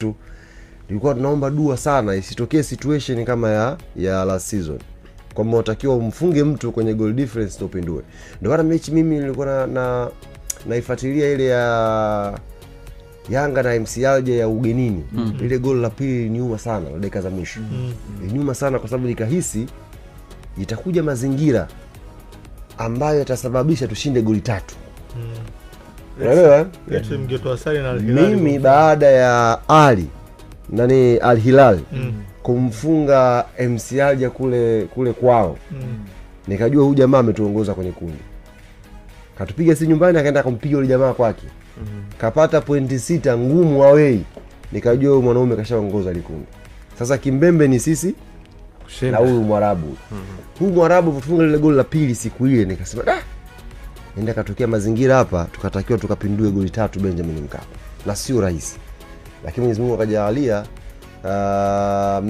tu tulikuwa tunaomba dua sana isitokee situation kama ya ya last season kwamba unatakiwa umfunge mtu kwenye goal difference ndio upindue ndio maana mechi mimi nilikuwa na, na naifuatilia ile ya Yanga na MC Alger ya ugenini mm. -hmm. ile goli la pili liniuma sana la dakika za mwisho mm. hmm -hmm. sana kwa sababu nikahisi itakuja mazingira ambayo yatasababisha tushinde goli tatu unaelewa eh? yaani mimi baada ya ali nani Al Hilal mm. kumfunga MC Alja kule kule kwao mm. nikajua huyu jamaa ametuongoza kwenye kundi katupiga si nyumbani akaenda kampiga ule jamaa kwake mm. kapata pointi sita ngumu awei nikajua huyu mwanaume kashaongoza likundi sasa kimbembe ni sisi Shema. na huyu mwarabu mm. huyu mwarabu tufunga lile goli la pili siku ile nikasema ah, ende katokea mazingira hapa tukatakiwa tukapindue goli tatu benjamin mkapa na sio rahisi lakini mwenyezi mungu uh,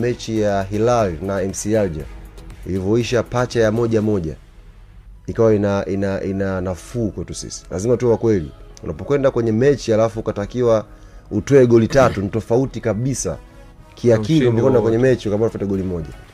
mechi ya hilal na mc alger ilivyoisha pacha ya moja moja ikawa ina ina ina nafuu kwetu sisi lazima tuwe wakweli unapokwenda kwenye mechi alafu ukatakiwa utoe goli tatu ni tofauti kabisa kiakili unapokwenda kwenye mechi ukaba ufate goli moja